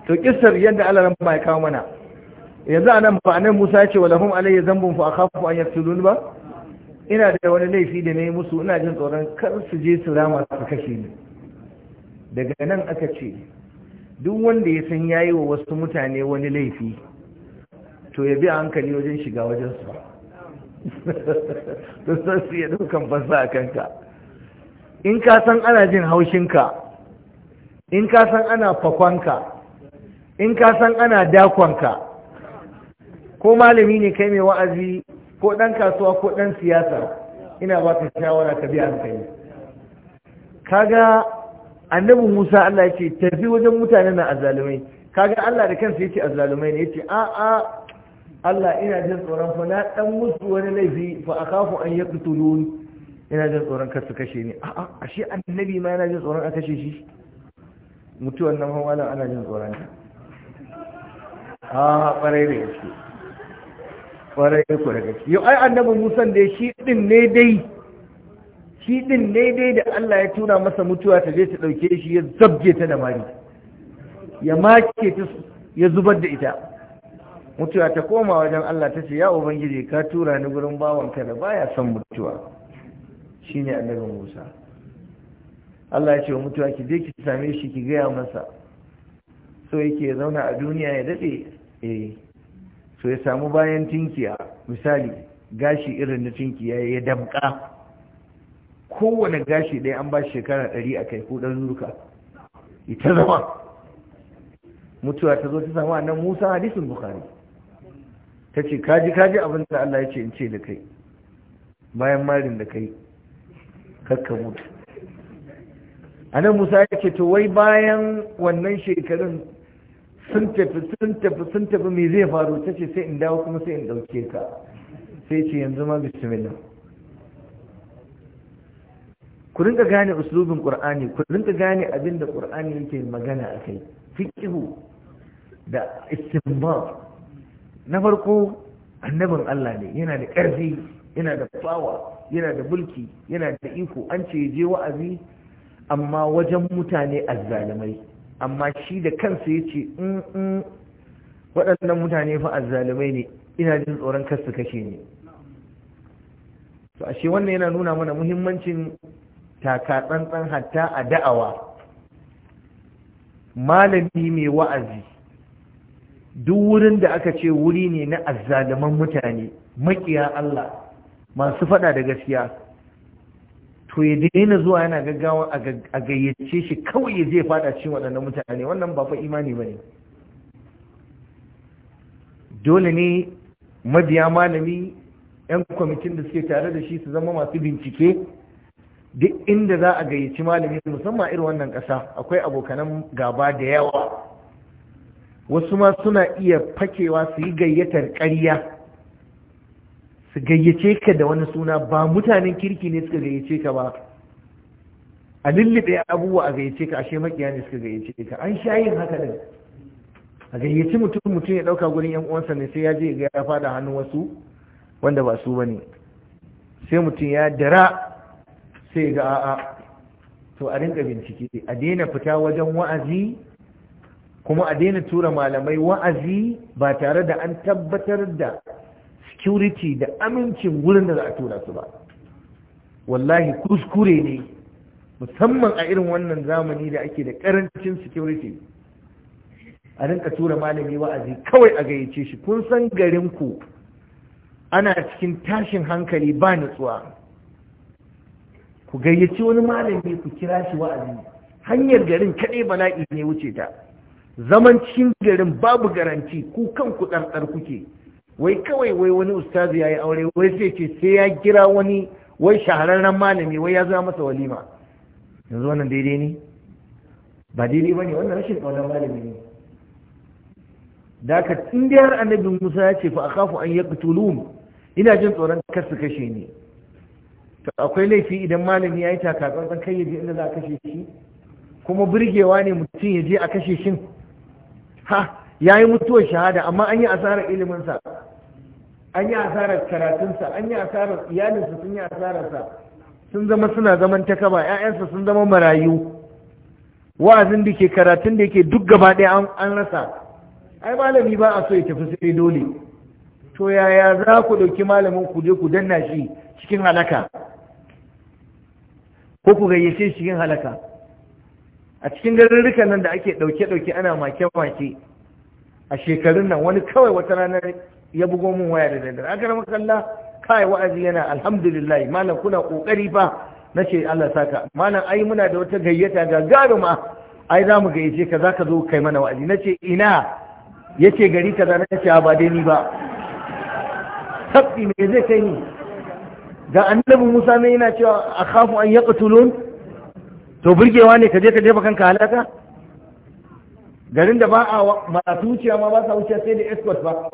to kisar yadda Allah ran ba ya kawo mana yanzu anan ba anan Musa ya ce walahum alayya zambun fa akhafu an yaftulun ba ina da wani laifi da na yi musu ina jin tsoron kar su je su rama su kashe ni daga nan aka ce duk wanda ya san yayi wa wasu mutane wani laifi to ya bi a hankali wajen shiga wajen su to [laughs] san su ya dukan fasa a kanka in ka san ana jin haushinka in ka san ana ka. in ka san ana dakonka ko malami ne kai mai wa'azi ko ɗan kasuwa ko ɗan siyasa ina ba ka shawara ka bi hankali kaga annabi Musa Allah ya ce tafi wajen mutanen na azalumai kaga Allah da kansa ya ce azalumai ne ya ce a a Allah ina jin tsoron fa na dan musu wani laifi fa a kafu an yaqtulun ina jin tsoron kar su kashe ni a a ashe annabi ma yana jin tsoron a kashe shi mutuwan nan hawa ana jin tsoron ta a ɓarai da yake kwarai ku da gaske yau ai annabi Musa da shi din ne dai shi din ne dai da Allah ya tura masa mutuwa ta je ta ɗauke shi ya zabge ta da mari ya make ta ya zubar da ita mutuwa ta koma wajen Allah ta ce ya ubangiji ka tura ni gurin ka da baya son mutuwa shine annabi Musa Allah ya ce wa mutuwa ki je ki same shi ki gaya masa so yake zauna a duniya ya daɗe eh so ya samu bayan tinkiya misali gashi irin na tinkiya ya damka kowane gashi ɗaya an ba shekara ɗari a kai kudan zurka ita zama mutuwa ta zo ta samu a nan musa hadisin bukari ta ce kaji kaji abin da allah ya ce in ce da kai bayan marin da kai kakka mutu a nan musa ya ce to wai bayan wannan shekarun sun tafi sun tafi sun tafi me zai faru ta ce sai in dawo kuma sai in ɗauke ka sai ce yanzu ma bismillah ku rinka gane uslubin qur'ani ku rinka gane abin da qur'ani yake magana akai fiqhu da istinbat na farko annabin Allah ne yana da ƙarfi yana da fawa yana da mulki yana da iko an ce je wa'azi amma wajen mutane azzalumai. amma shi da kansa ya ce in mm, mm, waɗannan mutane fa azzalumai ne ina jin tsoron kasu kashe ne to ashe wannan yana nuna mana muhimmancin taka tsantsan hatta a da'awa malami mai wa'azi duk wurin da aka ce wuri ne na azzaluman mutane makiya Allah masu faɗa da gaskiya to ya daina zuwa yana gaggawa a gayyace shi kawai ya zai fada cikin waɗannan mutane wannan ba fa imani ba ne dole ne mabiya malami 'yan kwamitin da suke tare da shi su zama masu bincike duk inda za a gayyaci malami musamman irin wannan ƙasa akwai abokanan gaba da yawa wasu ma suna iya fakewa su yi gayyatar ƙarya su gayyace ka da wani suna ba mutanen kirki ne suka gayyace ka ba a lullube abubuwa a gayyace ka ashe makiya ne suka gayyace ka an sha yin haka din a gayyaci mutum mutum ya dauka gurin yan uwansa ne sai ya je ga ya fada hannu wasu wanda ba su bane sai mutum ya dara sai ga a'a to a rinka bincike a daina fita wajen wa'azi kuma a daina tura malamai wa'azi ba tare da an tabbatar da security da amincin wurin da za a tura su ba wallahi kuskure ne musamman a irin wannan zamani da ake da karancin security a rinka tura malami wa'azi kawai a gayyace shi kun san garinku ana cikin tashin hankali ba nutsuwa ku gayyaci wani malami ku kira shi wa'azi hanyar garin kaɗai bala'i ne wuce ta zaman cikin garin babu garanti ku kan ku ɗarɗar kuke wai kawai wai wani ustazi ya yi aure wai sai ce sai ya kira wani wai shahararren malami wai ya zama masa walima yanzu wannan daidai ne ba daidai ba ne wannan rashin ƙaunar malami ne da ka inda har annabin musa ya ce fa akhafu an yaqtulun ina jin tsoron kar su kashe ni to akwai laifi idan malami ya yi takatsantsan kai ya je inda za a kashe shi kuma burgewa ne mutum ya je a kashe shin ha ya yi mutuwar shahada amma an yi asarar iliminsa an yi asarar karatunsa an yi asarar iyalinsa sun yi asararsa sun zama suna zaman ta kaba 'ya'yansa sun zama marayu wa'azin da ke karatun da ke duk gaba ɗaya an rasa ai malami ba a so ya tafi sai dole to yaya za ku ɗauki malamin ku je ku danna shi cikin halaka ko ku gayyace shi cikin halaka a cikin garurrukan nan da ake ɗauke-ɗauke ana make-make a shekarun nan wani kawai wata ranar ya bugo mun waya da daddare aka rama kalla kai wa'azi yana alhamdulillah malam kuna kokari fa nace Allah saka malam ai muna da wata gayyata ga garuma ai za mu gayyace ka zaka zo kai mana wa'azi nace ina yace gari kaza nace ba dai ni ba sabbi me zai kai ni ga annabi Musa ne yana cewa akhafu an yaqtulun to burgewa ne kaje ka jefa kanka halaka garin da ba a masu wuce ma ba sa wuce sai da escort ba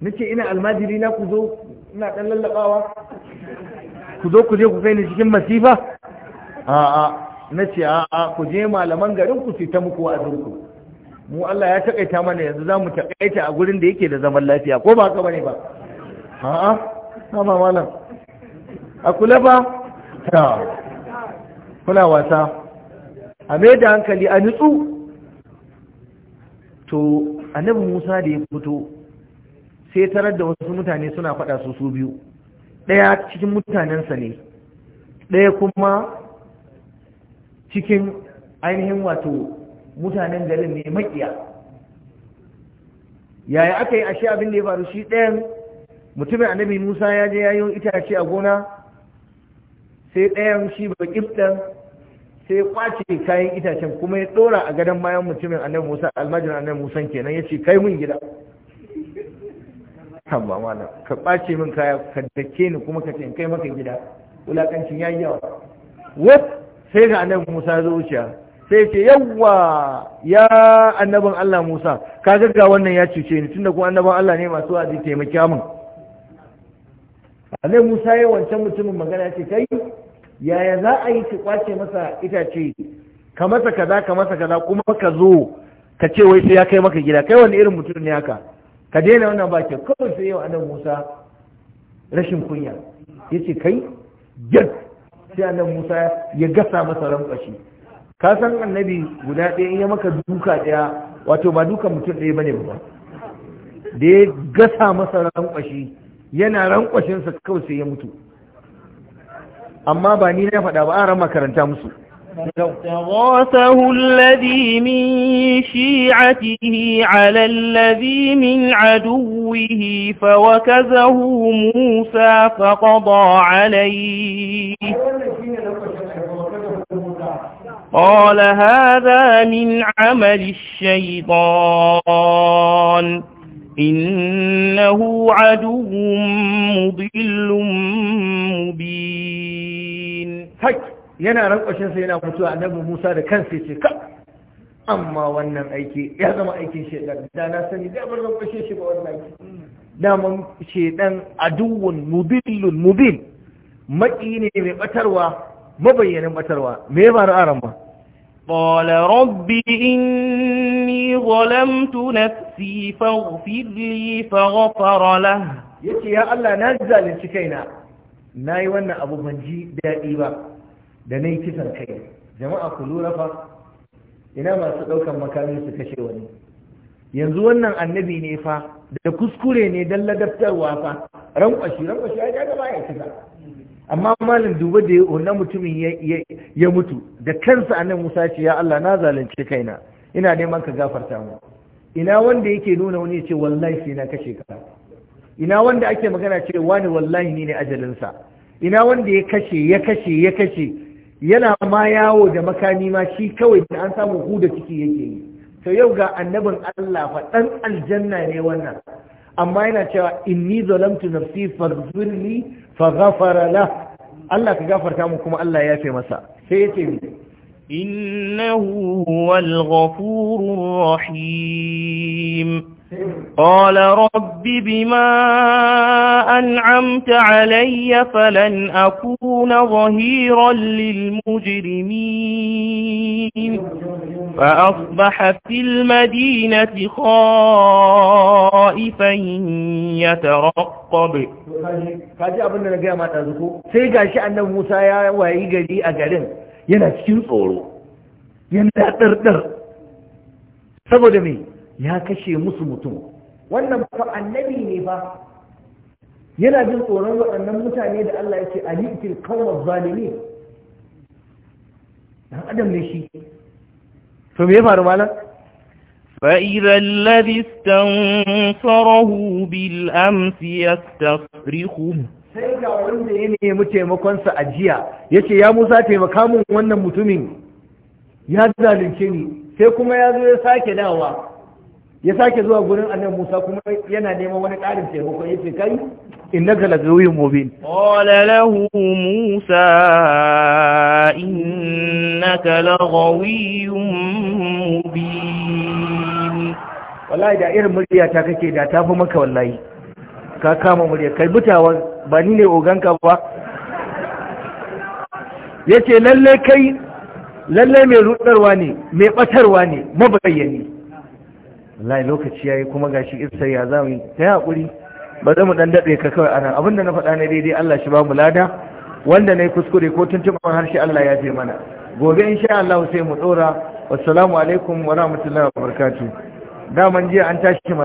nace ina almajiri na ku zo ina dan lallabawa ku zo ku je ku kai ni cikin masifa a'a nace a'a ku je malaman garin ku su ta muku ku. mu Allah ya takaita mana yanzu za mu takaita a gurin da yake da zaman lafiya ko ba haka bane ba a'a sama malam a kula ba ta kuna wasa a mai da hankali a nutsu to annabi musa da ya fito sai tarar da wasu mutane suna faɗa su su biyu ɗaya cikin mutanensa ne ɗaya kuma cikin ainihin wato mutanen garin ne maƙiya yaya aka yi ashe abin da ya faru shi ɗayan mutumin annabi musa ya je yayin itace a gona sai ɗayan shi ba ɗin. sai kwace kayan itacen kuma ya dora a gadon bayan mutumin annabi Musa almajirin annabi Musa kenan ya ce kai mun gida amma mana, ka kwace min kaya ka dake ni kuma ka kai maka gida wulakancin yayi yawa wat sai ga annabi Musa ya zo wuciya sai ce yawwa ya annabin Allah Musa ka ga wannan ya cuce ni tunda kuma annabin Allah ne masu wa'azi taimaka min annabi Musa ya wancan mutumin magana ya ce kai yaya za a yi ki kwace masa itace ka masa kaza ka masa kaza kuma ka zo ka ce wai sai ya kai maka gida kai wani irin mutum ne haka ka daina wannan ba ke kawai sai yau annabi Musa rashin kunya yace kai yad sai annabi Musa ya gasa masa rankwashi ka san annabi guda ɗaya in ya maka duka ɗaya wato ba duka mutum ɗaya bane ba da ya gasa masa rankwashi yana rankwashinsa kawai sai ya mutu amma ba ni na faɗa ba an rama musu الذي من شيعته على الذي من عدوه فوكزه موسى فقضى عليه قال هذا من عمل الشيطان إنه عدو مضل مبين هك ينا رنقشن سينا متوى النبي موسى ده كان سيشك أما wannan aiki ya zama aikin shedan da na sani da ban rankashe shi ba wannan aiki daman shedan aduwun mubillun mubin maki ne mai batarwa mabayyanin batarwa me ya faru a ba قال رب إني ظلمت نفسي فاغفر لي فغفر له يتي يا الله نزل انتكينا ناي وانا أبو منجي دائي دني كسر كي جماعة كلو رفا ina masu ɗaukar makami su kashe wani yanzu wannan annabi ne fa da kuskure ne don ladabtarwa fa rankwashi rankwashi ya ga ba ya kisa amma malin duba da wannan mutumin ya mutu da kansa annan musa ce ya Allah na zalunci kaina ina neman ka gafarta mu ina wanda yake nuna wani ce wallahi sai na kashe ka ina wanda ake magana ce wani wallahi ni ne ajalinsa ina wanda ya kashe ya kashe ya kashe yana ma yawo da makami ma shi kawai da an samu huda ciki yake yi to yau ga annabin Allah fa dan aljanna ne wannan amma yana cewa inni zalamtu nafsi faghfirli faghfara la Allah ka gafarta mu kuma Allah ya yafe masa sai yace mi innahu huwal ghafurur rahim قال رب بما أنعمت علي فلن أكون ظهيرا للمجرمين فأصبح في المدينة خائفا يترقب فاجأ أبنى لقيا ما تذكو سيقى شأن موسى ويقى لي أجلن ينشل صورو ينشل صورو سبو دمي يا كشي مسلم تمو wannan fa annabi ne ba yana jin tsoron waɗannan mutane da Allah yake alitil qawmaz zalimin dan adam ne shi to me ya faru malam فإذا الذي استنصره بالأمس يستصرخه sai ga wanda ya nemi taimakonsa a jiya ya ce ya musa taimaka mun wannan mutumin ya zalunce ni sai kuma ya zo ya sake dawa ya sake zuwa gurin annabi Musa kuma yana neman wani ƙarin taimako ya ce kai innaka lazawiyyun mubin qala lahu Musa innaka laghawiyyun mubin wallahi da irin murya ta kake da ta fi maka wallahi ka kama murya kai butawan ba ni ne oganka ba yace lalle kai lalle mai rudarwa ne mai batarwa ne mabayyani wallahi lokaci yayi kuma gashi isa ya za mu ta hakuri ba zamu mu dan dade ka kawai anan abinda na faɗa ne daidai Allah shi ba lada wanda nayi kuskure ko tuntuban harshe Allah ya je mana gobe insha Allah sai mu dora assalamu alaikum wa rahmatullahi wa barakatuh man jiya an tashi